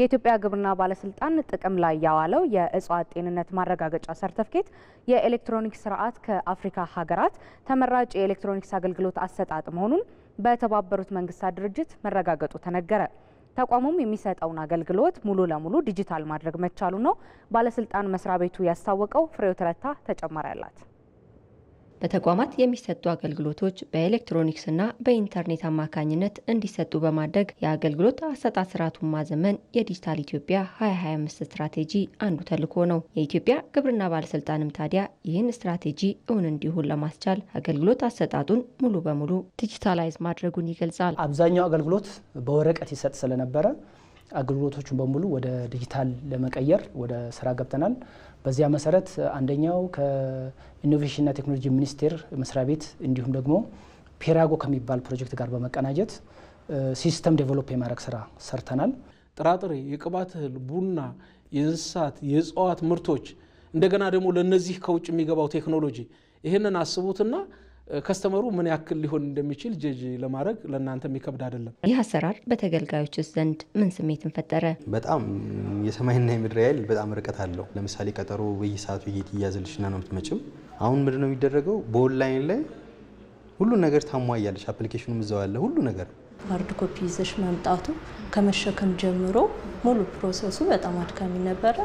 የኢትዮጵያ ግብርና ባለስልጣን ጥቅም ላይ ያዋለው የእጽዋት ጤንነት ማረጋገጫ ሰርተፍኬት የኤሌክትሮኒክስ ስርዓት ከአፍሪካ ሀገራት ተመራጭ የኤሌክትሮኒክስ አገልግሎት አሰጣጥ መሆኑን በተባበሩት መንግስታት ድርጅት መረጋገጡ ተነገረ። ተቋሙም የሚሰጠውን አገልግሎት ሙሉ ለሙሉ ዲጂታል ማድረግ መቻሉ ነው ባለስልጣን መስሪያ ቤቱ ያስታወቀው። ፍሬው ተረታ ተጨማሪ አላት። በተቋማት የሚሰጡ አገልግሎቶች በኤሌክትሮኒክስና በኢንተርኔት አማካኝነት እንዲሰጡ በማድረግ የአገልግሎት አሰጣጥ ስርዓቱን ማዘመን የዲጂታል ኢትዮጵያ 2025 ስትራቴጂ አንዱ ተልዕኮ ነው። የኢትዮጵያ ግብርና ባለስልጣንም ታዲያ ይህን ስትራቴጂ እውን እንዲሆን ለማስቻል አገልግሎት አሰጣጡን ሙሉ በሙሉ ዲጂታላይዝ ማድረጉን ይገልጻል። አብዛኛው አገልግሎት በወረቀት ይሰጥ ስለነበረ አገልግሎቶቹን በሙሉ ወደ ዲጂታል ለመቀየር ወደ ስራ ገብተናል። በዚያ መሰረት አንደኛው ከኢኖቬሽንና ቴክኖሎጂ ሚኒስቴር መስሪያ ቤት እንዲሁም ደግሞ ፔራጎ ከሚባል ፕሮጀክት ጋር በመቀናጀት ሲስተም ዴቨሎፕ የማድረግ ስራ ሰርተናል። ጥራጥሬ፣ የቅባት እህል፣ ቡና፣ የእንስሳት የእጽዋት ምርቶች እንደገና ደግሞ ለእነዚህ ከውጭ የሚገባው ቴክኖሎጂ ይህንን አስቡትና ከስተመሩ ምን ያክል ሊሆን እንደሚችል ጀጅ ለማድረግ ለእናንተ የሚከብድ አይደለም። ይህ አሰራር በተገልጋዮች ውስጥ ዘንድ ምን ስሜትን ፈጠረ? በጣም የሰማይና የምድር ያህል በጣም ርቀት አለው። ለምሳሌ ቀጠሮ በየሰዓቱ እየተያዘልሽና ነው ምትመጭም። አሁን ነው የሚደረገው? በኦንላይን ላይ ሁሉን ነገር ታሟያለች አፕሊኬሽኑ እዛው አለ ሁሉ ነገር ሃርድ ኮፒ ይዘሽ መምጣቱ ከመሸከም ጀምሮ ሙሉ ፕሮሰሱ በጣም አድካሚ ነበረ።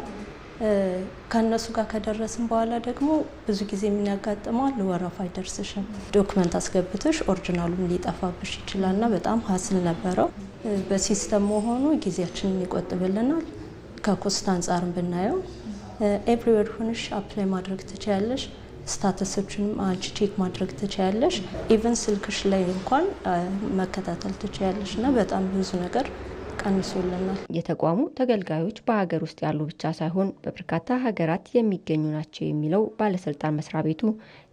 ከእነሱ ጋር ከደረስን በኋላ ደግሞ ብዙ ጊዜ የሚያጋጥመዋል ወረፋ አይደርስሽም፣ ዶክመንት አስገብተሽ ኦሪጂናሉም ሊጠፋብሽ ይችላል ና በጣም ሀስል ነበረው። በሲስተም መሆኑ ጊዜያችንን ይቆጥብልናል። ከኮስት አንጻርም ብናየው ኤቭሪዌር ሆንሽ አፕላይ ማድረግ ትችያለሽ። ስታተሶችንም አንቺ ቼክ ማድረግ ትችያለሽ። ኢቨን ስልክሽ ላይ እንኳን መከታተል ትችያለሽ እና በጣም ብዙ ነገር ቀንሶልናል። የተቋሙ ተገልጋዮች በሀገር ውስጥ ያሉ ብቻ ሳይሆን በበርካታ ሀገራት የሚገኙ ናቸው የሚለው ባለስልጣን መስሪያ ቤቱ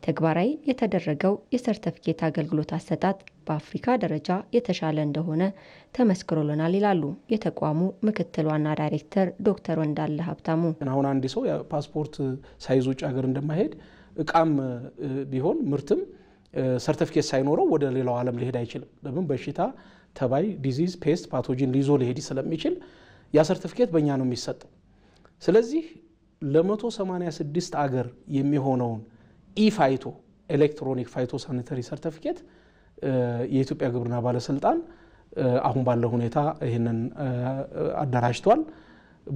ተግባራዊ የተደረገው የሰርተፍኬት አገልግሎት አሰጣጥ በአፍሪካ ደረጃ የተሻለ እንደሆነ ተመስክሮልናል ይላሉ የተቋሙ ምክትል ዋና ዳይሬክተር ዶክተር ወንዳለ ሀብታሙ። አሁን አንድ ሰው ፓስፖርት ሳይዝ ውጭ ሀገር እንደማይሄድ እቃም ቢሆን ምርትም ሰርተፊኬት ሳይኖረው ወደ ሌላው ዓለም ሊሄድ አይችልም። ለምን? በሽታ፣ ተባይ፣ ዲዚዝ፣ ፔስት፣ ፓቶጂን ሊዞ ሊሄድ ስለሚችል ያ ሰርተፊኬት በእኛ ነው የሚሰጠው። ስለዚህ ለ186 አገር የሚሆነውን ኢፋይቶ ኤሌክትሮኒክ ፋይቶ ሳኒተሪ ሰርተፊኬት የኢትዮጵያ ግብርና ባለስልጣን አሁን ባለው ሁኔታ ይህንን አደራጅቷል።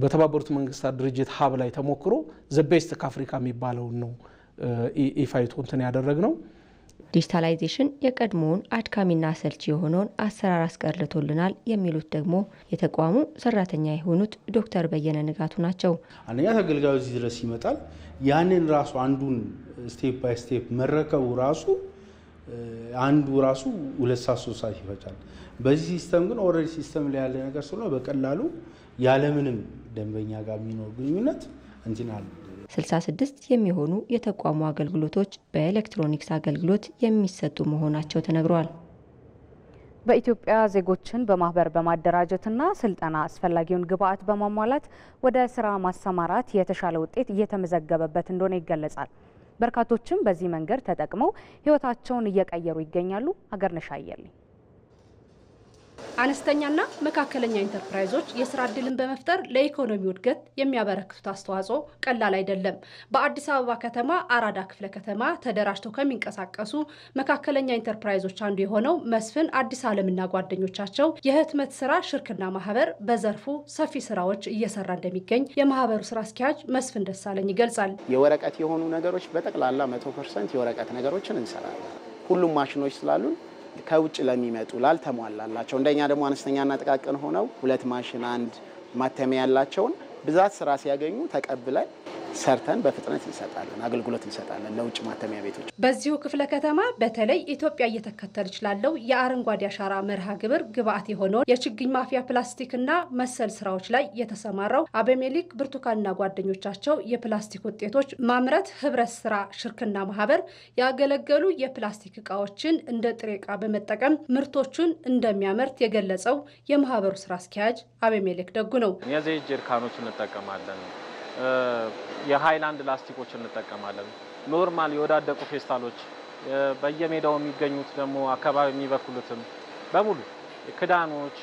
በተባበሩት መንግስታት ድርጅት ሀብ ላይ ተሞክሮ ዘቤስት ከአፍሪካ የሚባለውን ነው ኢፋይቶ እንትን ያደረግ ነው። ዲጂታላይዜሽን የቀድሞውን አድካሚና ሰልች የሆነውን አሰራር አስቀርቶልናል የሚሉት ደግሞ የተቋሙ ሰራተኛ የሆኑት ዶክተር በየነ ንጋቱ ናቸው። አንደኛ ተገልጋዩ እዚህ ድረስ ይመጣል። ያንን ራሱ አንዱን ስቴፕ ባይ ስቴፕ መረከቡ ራሱ አንዱ ራሱ ሁለት ሰዓት ሶስት ሰዓት ይፈጫል። በዚህ ሲስተም ግን ኦልሬዲ ሲስተም ላይ ያለ ነገር ስለሆነ በቀላሉ ያለምንም ደንበኛ ጋር የሚኖር ግንኙነት እንትን አለ 66 የሚሆኑ የተቋሙ አገልግሎቶች በኤሌክትሮኒክስ አገልግሎት የሚሰጡ መሆናቸው ተነግሯል። በኢትዮጵያ ዜጎችን በማህበር በማደራጀትና ስልጠና አስፈላጊውን ግብዓት በማሟላት ወደ ስራ ማሰማራት የተሻለ ውጤት እየተመዘገበበት እንደሆነ ይገለጻል። በርካቶችም በዚህ መንገድ ተጠቅመው ህይወታቸውን እየቀየሩ ይገኛሉ። ሀገርነሽ አየልኝ አነስተኛና መካከለኛ ኢንተርፕራይዞች የስራ ዕድልን በመፍጠር ለኢኮኖሚው እድገት የሚያበረክቱት አስተዋጽኦ ቀላል አይደለም። በአዲስ አበባ ከተማ አራዳ ክፍለ ከተማ ተደራጅተው ከሚንቀሳቀሱ መካከለኛ ኢንተርፕራይዞች አንዱ የሆነው መስፍን አዲስ አለምና ጓደኞቻቸው የህትመት ስራ ሽርክና ማህበር በዘርፉ ሰፊ ስራዎች እየሰራ እንደሚገኝ የማህበሩ ስራ አስኪያጅ መስፍን ደሳለኝ ይገልጻል። የወረቀት የሆኑ ነገሮች በጠቅላላ መቶ ፐርሰንት የወረቀት ነገሮችን እንሰራለን። ሁሉም ማሽኖች ስላሉን ከውጭ ለሚመጡ ላልተሟላላቸው እንደኛ ደግሞ አነስተኛና ጥቃቅን ሆነው ሁለት ማሽን አንድ ማተሚያ ያላቸውን ብዛት ስራ ሲያገኙ ተቀብለን ሰርተን በፍጥነት እንሰጣለን፣ አገልግሎት እንሰጣለን ለውጭ ማተሚያ ቤቶች። በዚሁ ክፍለ ከተማ በተለይ ኢትዮጵያ እየተከተለች ላለው የአረንጓዴ አሻራ መርሃ ግብር ግብአት የሆነውን የችግኝ ማፍያ ፕላስቲክና መሰል ስራዎች ላይ የተሰማራው አበሜሊክ ብርቱካንና ጓደኞቻቸው የፕላስቲክ ውጤቶች ማምረት ህብረት ስራ ሽርክና ማህበር ያገለገሉ የፕላስቲክ እቃዎችን እንደ ጥሬ እቃ በመጠቀም ምርቶቹን እንደሚያመርት የገለጸው የማህበሩ ስራ አስኪያጅ አበሜሌክ ደጉ ነው። እነዚህ ጀሪካኖች እንጠቀማለን የሃይላንድ ላስቲኮች እንጠቀማለን። ኖርማል የወዳደቁ ፌስታሎች በየሜዳው የሚገኙት ደግሞ አካባቢ የሚበክሉትም በሙሉ ክዳኖች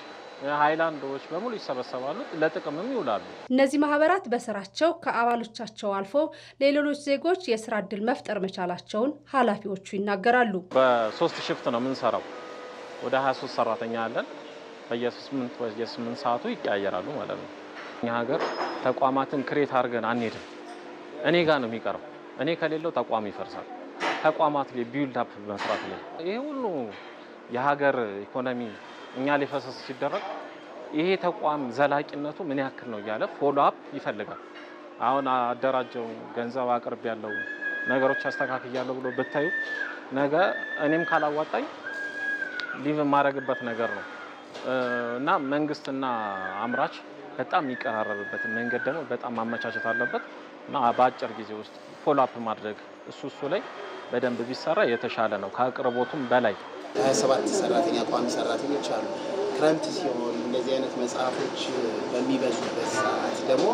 ሃይላንዶች በሙሉ ይሰበሰባሉ፣ ለጥቅምም ይውላሉ። እነዚህ ማህበራት በስራቸው ከአባሎቻቸው አልፎ ለሌሎች ዜጎች የስራ እድል መፍጠር መቻላቸውን ኃላፊዎቹ ይናገራሉ። በሶስት ሽፍት ነው የምንሰራው። ወደ 23 ሰራተኛ አለን። በየስምንት በየስምንት ሰዓቱ ይቀያየራሉ ማለት ነው እኛ ሀገር ተቋማትን ክሬት አድርገን አንሄድም። እኔ ጋር ነው የሚቀረው። እኔ ከሌለው ተቋም ይፈርሳል። ተቋማት ላይ ቢውልድ አፕ መስራት ላይ ይሄ ሁሉ የሀገር ኢኮኖሚ እኛ ላይ ፈሰስ ሲደረግ ይሄ ተቋም ዘላቂነቱ ምን ያክል ነው እያለ ፎሎ አፕ ይፈልጋል። አሁን አደራጀው ገንዘብ አቅርብ ያለው ነገሮች አስተካክ ያለው ብሎ ብታዩ ነገ እኔም ካላዋጣኝ ሊቭ የማደርግበት ነገር ነው እና መንግስትና አምራች በጣም የሚቀራረብበት መንገድ ደግሞ በጣም ማመቻቸት አለበት እና በአጭር ጊዜ ውስጥ ፎሎ አፕ ማድረግ እሱ እሱ ላይ በደንብ ቢሰራ የተሻለ ነው። ከአቅርቦቱም በላይ 27 ሰራተኛ ቋሚ ሰራተኞች አሉ። ክረምት ሲሆን እንደዚህ አይነት መጽሐፎች በሚበዙበት ሰዓት ደግሞ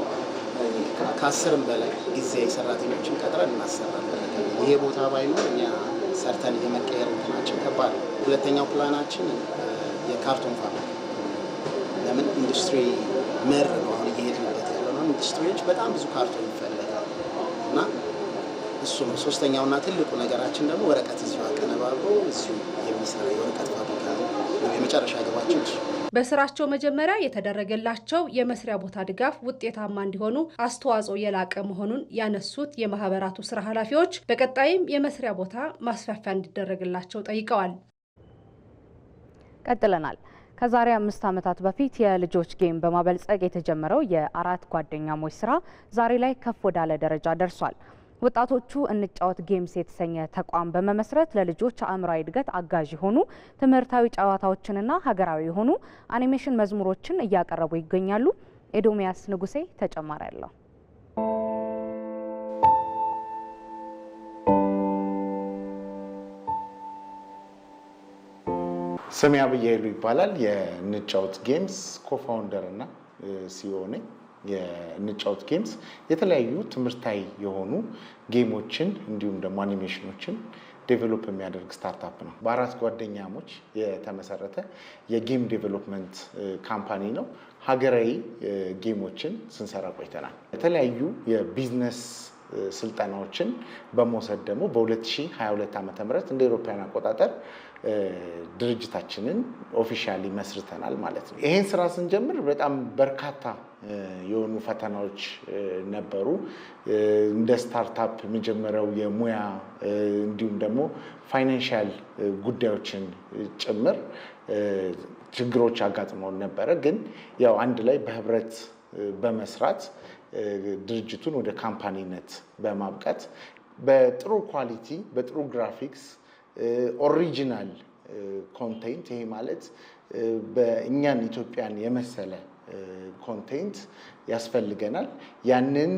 ከአስርም በላይ ጊዜያዊ ሰራተኞችን ቀጥረን እናሰራለን። ይሄ ቦታ ባይኖር እኛ ሰርተን የመቀየር እንትናችን ከባድ ሁለተኛው ፕላናችን የካርቶን ፋብሪካ ለምን ኢንዱስትሪ መር ነው አሁን እየሄድንበት ያለ ነው። ኢንዱስትሪዎች በጣም ብዙ ካርቶን ይፈለጋል እና እሱም ሶስተኛውና ትልቁ ነገራችን ደግሞ ወረቀት እዚሁ አቀነባብሮ እዚሁ የሚሰራ የወረቀት ፋብሪካ ነው የመጨረሻ ግባችን። በስራቸው መጀመሪያ የተደረገላቸው የመስሪያ ቦታ ድጋፍ ውጤታማ እንዲሆኑ አስተዋጽኦ የላቀ መሆኑን ያነሱት የማህበራቱ ስራ ኃላፊዎች በቀጣይም የመስሪያ ቦታ ማስፋፊያ እንዲደረግላቸው ጠይቀዋል። ቀጥለናል። ከዛሬ አምስት ዓመታት በፊት የልጆች ጌም በማበልጸግ የተጀመረው የአራት ጓደኛሞች ስራ ዛሬ ላይ ከፍ ወዳለ ደረጃ ደርሷል። ወጣቶቹ እንጫወት ጌምስ የተሰኘ ተቋም በመመስረት ለልጆች አእምራዊ እድገት አጋዥ የሆኑ ትምህርታዊ ጨዋታዎችንና ሀገራዊ የሆኑ አኒሜሽን መዝሙሮችን እያቀረቡ ይገኛሉ። ኤዶሚያስ ንጉሴ ተጨማሪ ያለው ስሜ አብይ ይባላል። የንጫውት ጌምስ ኮፋውንደር እና ሲኢኦ ነኝ። የንጫውት ጌምስ የተለያዩ ትምህርታዊ የሆኑ ጌሞችን እንዲሁም ደግሞ አኒሜሽኖችን ዴቨሎፕ የሚያደርግ ስታርታፕ ነው። በአራት ጓደኛሞች የተመሰረተ የጌም ዴቨሎፕመንት ካምፓኒ ነው። ሀገራዊ ጌሞችን ስንሰራ ቆይተናል። የተለያዩ የቢዝነስ ስልጠናዎችን በመውሰድ ደግሞ በ2022 ዓ ም እንደ ኤሮፓያን አቆጣጠር ድርጅታችንን ኦፊሻሊ መስርተናል ማለት ነው። ይሄን ስራ ስንጀምር በጣም በርካታ የሆኑ ፈተናዎች ነበሩ። እንደ ስታርታፕ የመጀመሪያው የሙያ እንዲሁም ደግሞ ፋይናንሻል ጉዳዮችን ጭምር ችግሮች አጋጥመውን ነበረ። ግን ያው አንድ ላይ በህብረት በመስራት ድርጅቱን ወደ ካምፓኒነት በማብቃት በጥሩ ኳሊቲ በጥሩ ግራፊክስ ኦሪጂናል ኮንቴንት ይሄ ማለት በእኛን ኢትዮጵያን የመሰለ ኮንቴንት ያስፈልገናል። ያንን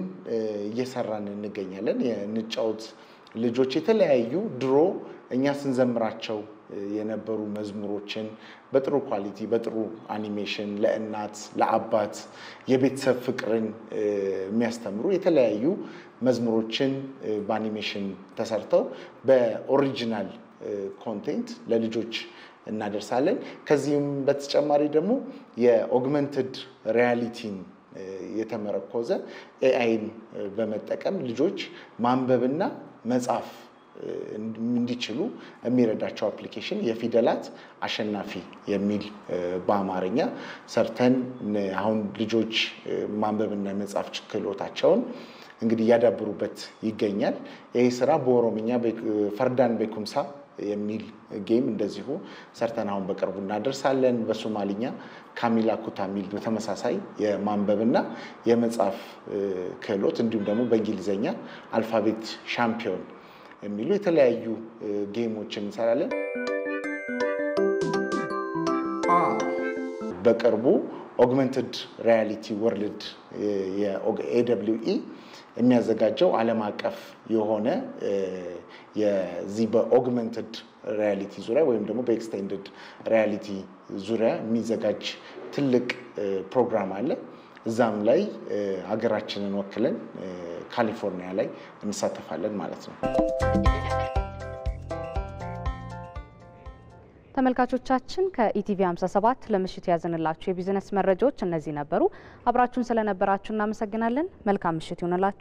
እየሰራን እንገኛለን። የንጫውት ልጆች የተለያዩ ድሮ እኛ ስንዘምራቸው የነበሩ መዝሙሮችን በጥሩ ኳሊቲ በጥሩ አኒሜሽን ለእናት ለአባት የቤተሰብ ፍቅርን የሚያስተምሩ የተለያዩ መዝሙሮችን በአኒሜሽን ተሰርተው በኦሪጂናል ኮንቴንት ለልጆች እናደርሳለን። ከዚህም በተጨማሪ ደግሞ የኦግመንትድ ሪያሊቲን የተመረኮዘ ኤአይን በመጠቀም ልጆች ማንበብና መጻፍ እንዲችሉ የሚረዳቸው አፕሊኬሽን የፊደላት አሸናፊ የሚል በአማርኛ ሰርተን አሁን ልጆች ማንበብና የመጻፍ ችሎታቸውን እንግዲህ እያዳብሩበት ይገኛል። ይህ ስራ በኦሮምኛ ፈርዳን ቤኩምሳ የሚል ጌም እንደዚሁ ሰርተን አሁን በቅርቡ እናደርሳለን። በሶማሊኛ ካሚላ ኩታ ሚል በተመሳሳይ የማንበብና የመጻፍ ክህሎት እንዲሁም ደግሞ በእንግሊዝኛ አልፋቤት ሻምፒዮን የሚሉ የተለያዩ ጌሞችን እንሰራለን። በቅርቡ ኦግመንትድ ሪያሊቲ ወርልድ ኢ የሚያዘጋጀው ዓለም አቀፍ የሆነ የዚህ በኦግመንትድ ሪያሊቲ ዙሪያ ወይም ደግሞ በኤክስቴንድድ ሪያሊቲ ዙሪያ የሚዘጋጅ ትልቅ ፕሮግራም አለ። እዛም ላይ ሀገራችንን ወክለን ካሊፎርኒያ ላይ እንሳተፋለን ማለት ነው። ተመልካቾቻችን ከኢቲቪ 57 ለምሽት ያዘንላችሁ የቢዝነስ መረጃዎች እነዚህ ነበሩ። አብራችሁን ስለነበራችሁ እናመሰግናለን። መልካም ምሽት ይሆንላችሁ።